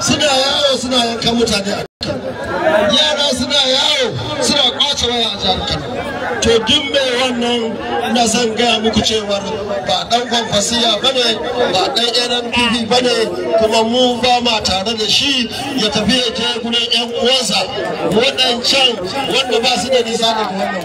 suna yawo suna yankan mutane a kan yara suna yawo suna kwace waya a jihar Kano to duk mai wannan na zan gaya muku cewar ba dan kwamfasiya ba ne ba dan tv ba ne kuma mu ba ma tare da shi ya tafi ya je gudun yan uwansa waɗancan wanda ba su da nisa da wannan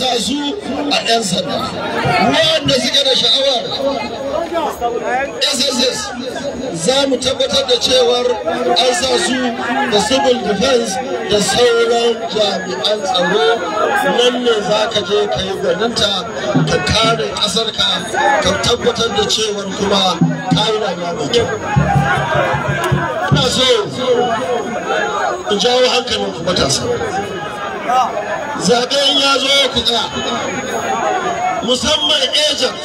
sa su a 'yan sanda wanda suke da sha'awar sss za mu tabbatar da cewar an sa su da civil defense da sauran jami'an tsaro nan ne za ka je ka yi gwaninta ka kare ƙasarka ka tabbatar da cewar kuma ta yi rayuwa mai kyau ina so in jawo hankalin matasa zaben ya zo ku tsaya musamman agent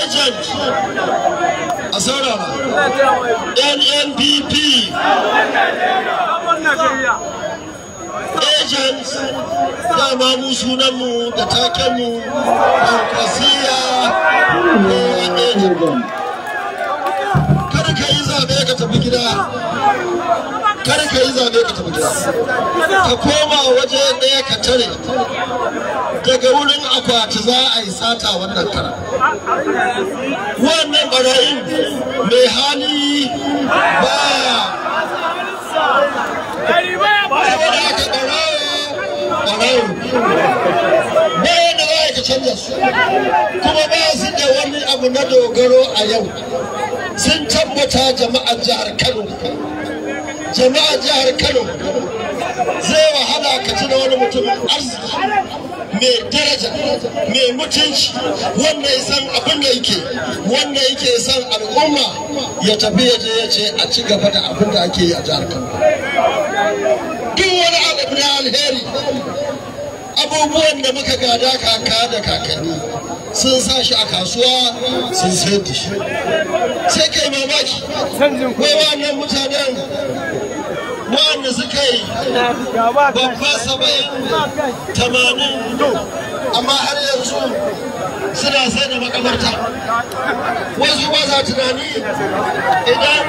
agent a saurara nnpp agent dama mu sunanmu da takenmu kasiya ne agent kada ka yi zaɓe ka tafi gida kar ka yi zane ka tafi ka koma waje ɗaya ka tare daga wurin akwati za a yi sata wannan kara wannan barayin mai hali baya baya ka kuma ba su da wani abu na dogaro a yau sun tabbata jama'ar jihar kano jama'a jihar kano zai wahala ka ci da wani mutum arziki mai daraja mai mutunci wanda ya san abin da yake wanda yake san al'umma ya tafi ya je ya ce a ci gaba da abin da ake yi a jihar kano duk wani abu na alheri abubuwan da muka gada kaka da kakanni sun sa shi a kasuwa sun sayar da shi sai kai mamaki wai wannan mutanen wanda suka yi babba saba'in tamanin amma har yanzu suna sai da makamarta wasu ba za tunani idan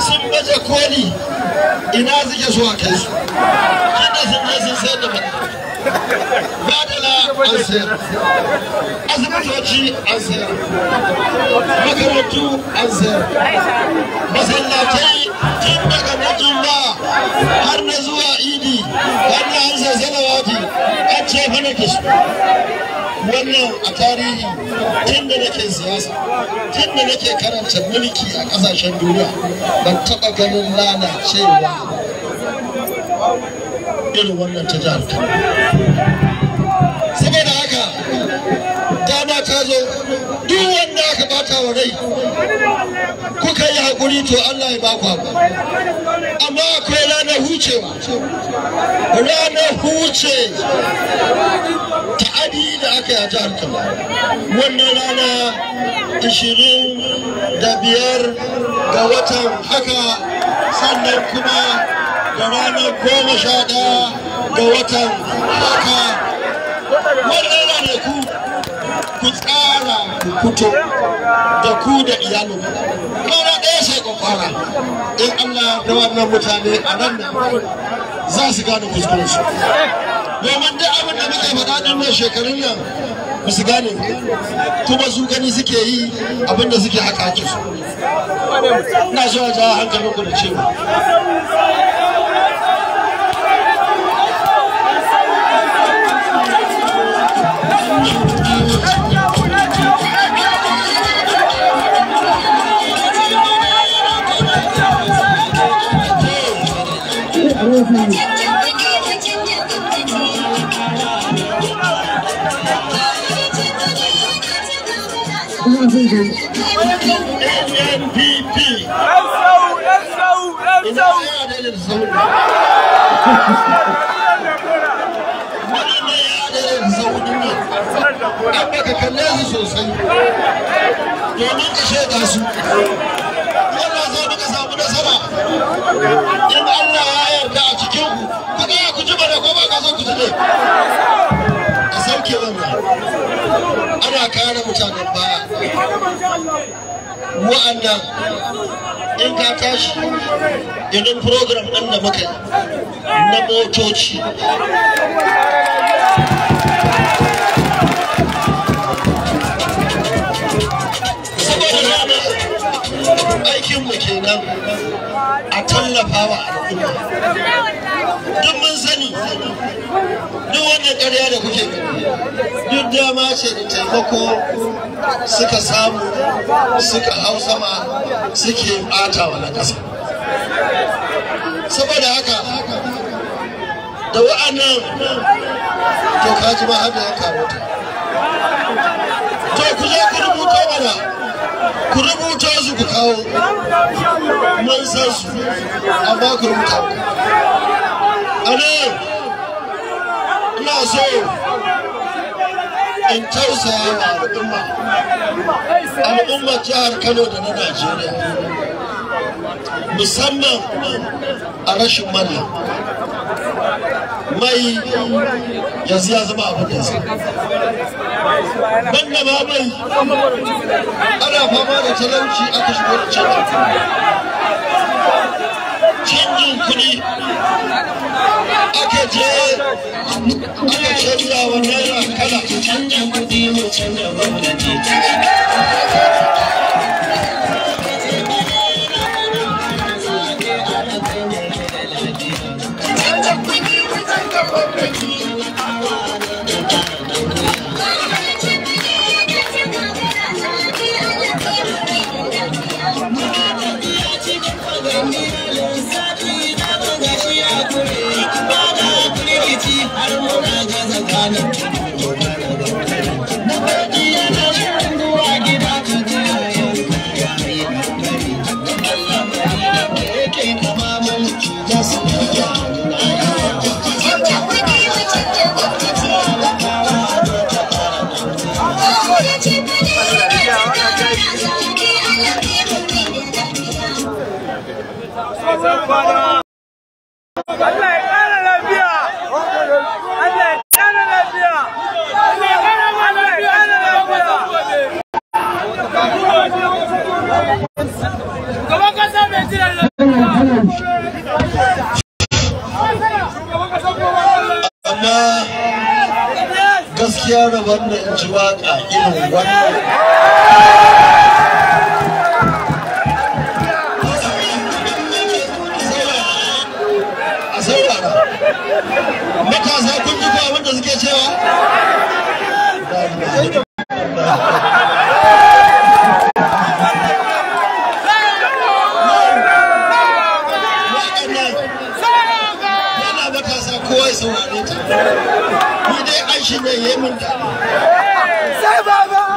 sun baje koli ina suke zuwa kai su inda sun je sun sayar da makamarta badala an sayar asibitoci an sayar makarantu an sayar masallatai tun daga najin ba har na zuwa idi har na har zazzala wafi an ce hana kishi wannan a tarihi tun da nake siyasa tun da nake karanta mulki a kasashen duniya ban taɓa ganin lalacewa irin wannan ta jihar kano saboda haka dama ta zo duk wanda aka bata wa rai kuka yi haƙuri to allah ya baku abu amma akwai hucewa ranar huce ta'adi da aka yi a jihar kano wannan rana ishirin da biyar ga watan haka sannan kuma da ranar goma sha da ga watan haka wannan ranaku ku tsara ku fito da ku da iyalinku fara in Allah da wannan mutane a nan za su gane kuskurensu domin duk abin da muke faɗa ɗin nan shekarun nan ba su gane kuma su gani suke yi abin da suke haka ake su na so a jawo hankalinku da cewa Thank you. Najeriya. Amma ka kalle sosai, domin ka shaida su. za samu in Allah ya yarda a ku, ku ku a ba da kuma ka zo ku ne. ana kare mutanen baya wa'annan in ka tashi idan program ɗin da muka na motoci aikinmu kenan a tallafa wa al'umma duk mun sani duk wannan ƙarya da kuke duk dama ce da taimako suka samu suka hau sama suke ɓata wa ƙasa saboda haka da wa'annan to kaji ma har da yanka mota to ku je ku rubuto mana ku rubuto su ku kawo mun san su amma ku rubuta ku a ina so in tausaya wa al'umma al'ummar jihar kano da na najeriya musamman a rashin mana mai yanzu ya zama abin da Ban da mai ana fama da talauci aka shigo da canjin kuɗi ake je ake shirya wa naira canja kudi mu canja gwamnati ƙara wannan ji waƙa irin wannan yi mun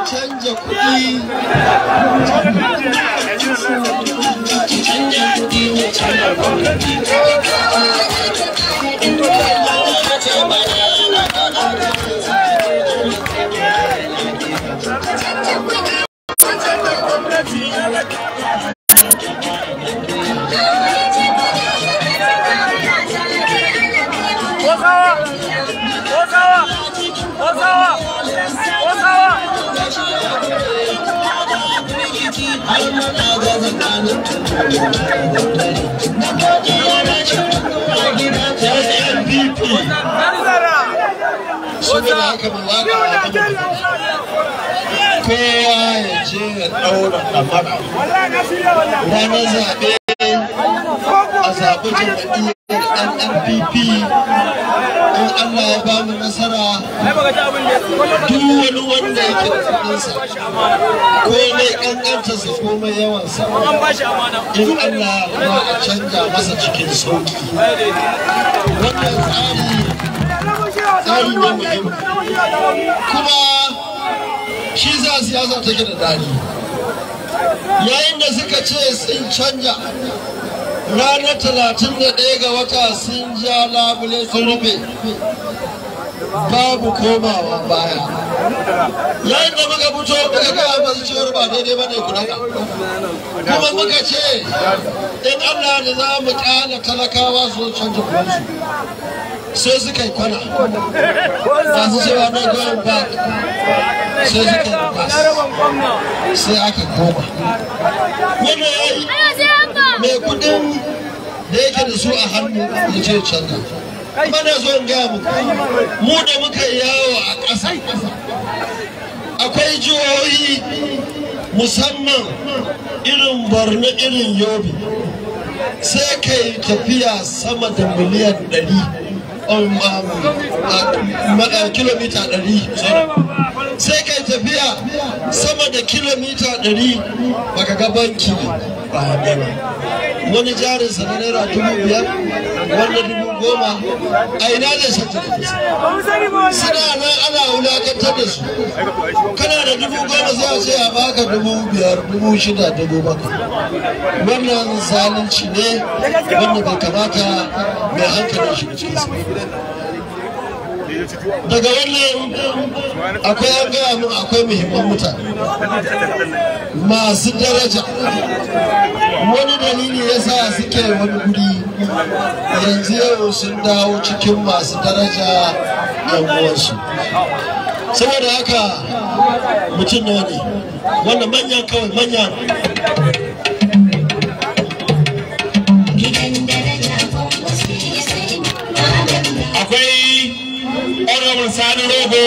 canja kuɗi canja kuɗi saboda haka mu waka kowa ya je ya ɗaura kamara ranar zaɓe a zaɓi jam'iyyar NNPP idan Allah ya ba mu nasara duk wani wanda ya yake cikinsa komai ƙanƙantarsa komai yawansa in Allah ba a canja masa cikin sauki wannan tsari tsari ne muhimmi kuma shi za siyasa take da dadi. yayin da suka ce sun canja ranar talatin da ɗaya ga wata sun ja labule sun rufe babu komawa baya yayin da muka fito muka ga masu cewar ba daidai ba ne ku kuma muka ce in allah da za mu kyala talakawa su canza kuwansu sai su kai kwana masu cewa na goyon ba sai su kai kwana sai aka koma wannan ya mai kudin da yake da su a hannu ya ce canza mana zo in gaya muku mu da muka yawo a ƙasa akwai jihohi musamman irin borno irin yobe sai ka yi tafiya sama da miliyan 100 um, um, um, uh, kilomita 100 sai kai tafiya sama da kilomita 100 baka ga banki kwaya ɗaya ba wani jarinsa na naira dubu biyar wanda dubu goma a ina ne sake da kusa suna nan ana wulakantar da su kana da dubu goma za a ce a baka dubu biyar dubu shida dubu bakwai wannan zalunci ne wanda bai kamata mai hankali shi cikin daga wannan akwai an gaya mun akwai muhimman mutane masu daraja wani dalili ya sa suke wani guri yanzu yau sun dawo cikin masu daraja yanguwarsu saboda haka mutum ne wannan manyan kawai manyan sani rogo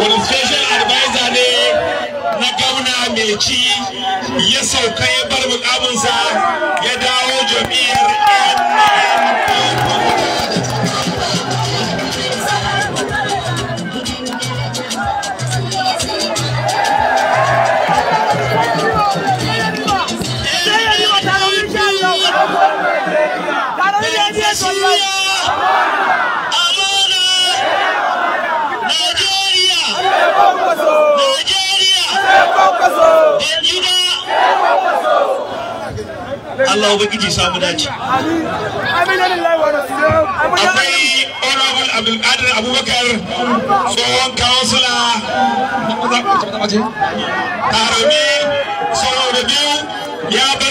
wani special advisor ne na gauna mai ci ya sauka ya bar mukaminsa Allah ubangiji samu dace akwai honorable abdulkadir abubakar tsohon kawansula harami tsohon da biyu ya bar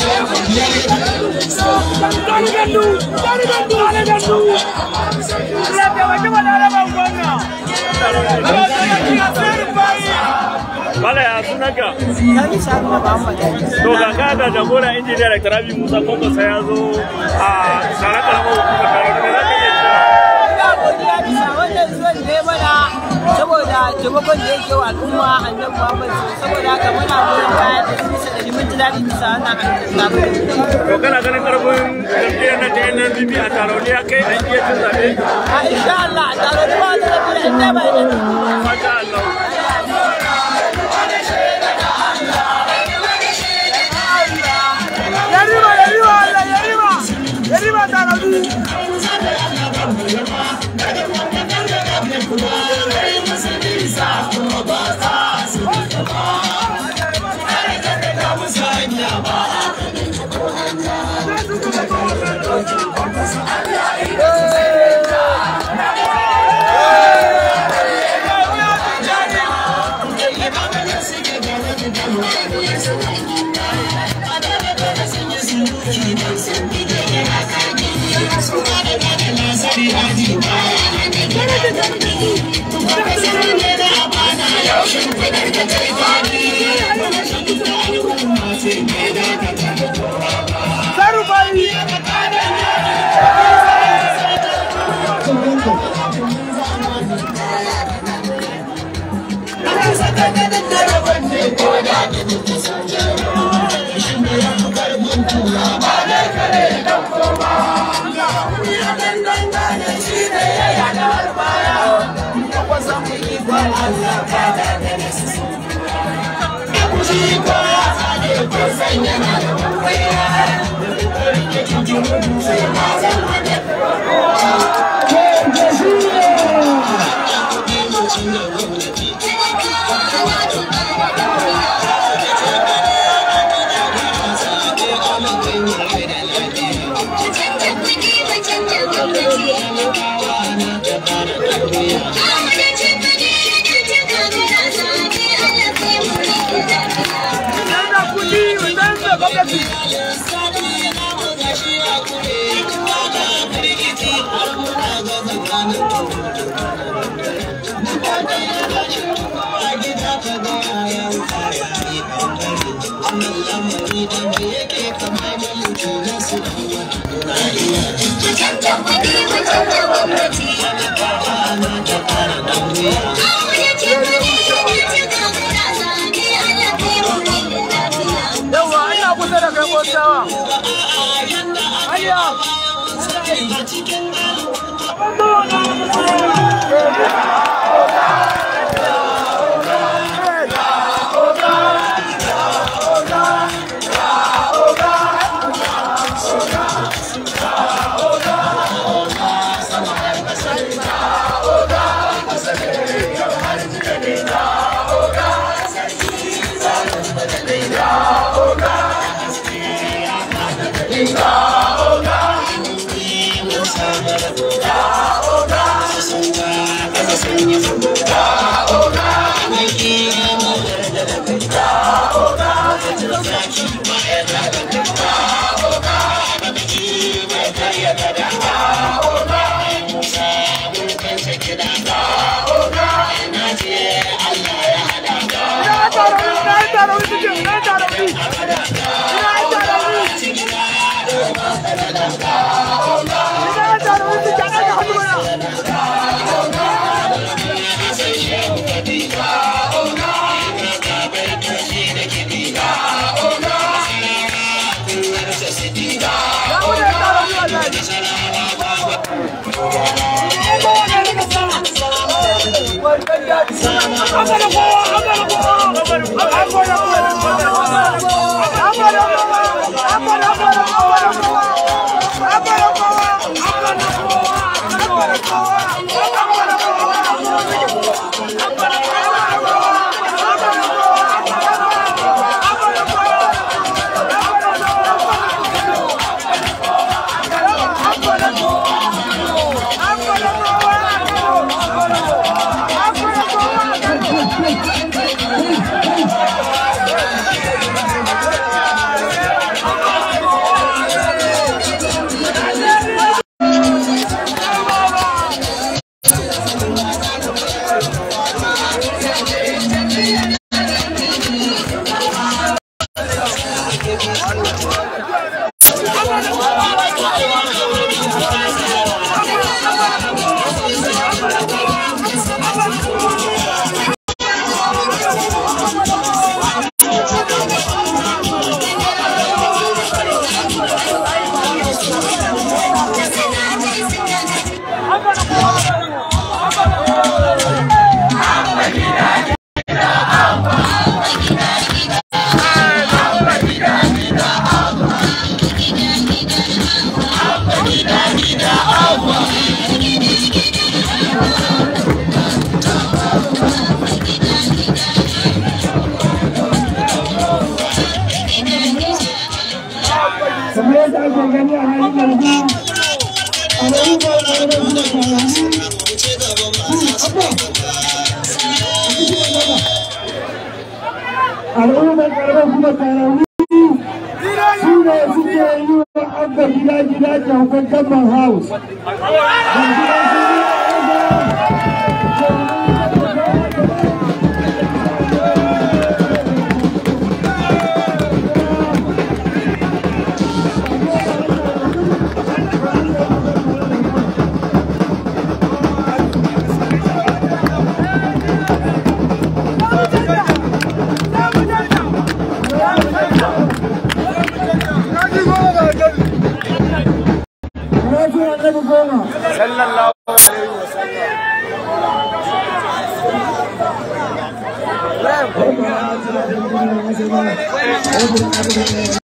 Daligandu, Daligandu, Daligandu. Lafiya wata wata rabon gwamna. Bala ya sunan ka? Kami sa'adu da ba mu To ga ka ga jagora injiniyar ya a tsaron ya da taimakon da yake wa al'umma annabi Muhammad saboda haka muna goyon baya da su da limin tunani bisa wannan al'umma. To kana ganin karfin jam'iyyar na ta NNPP a taro ne ya kai a iya cin zaɓe? A insha Allah a taro ne ba da rabi da inda ba da. Masha Allah. Bring them out. 你为见到我的。I'm gonna go on, I'm gonna go on, I'm gonna war. Temple House. la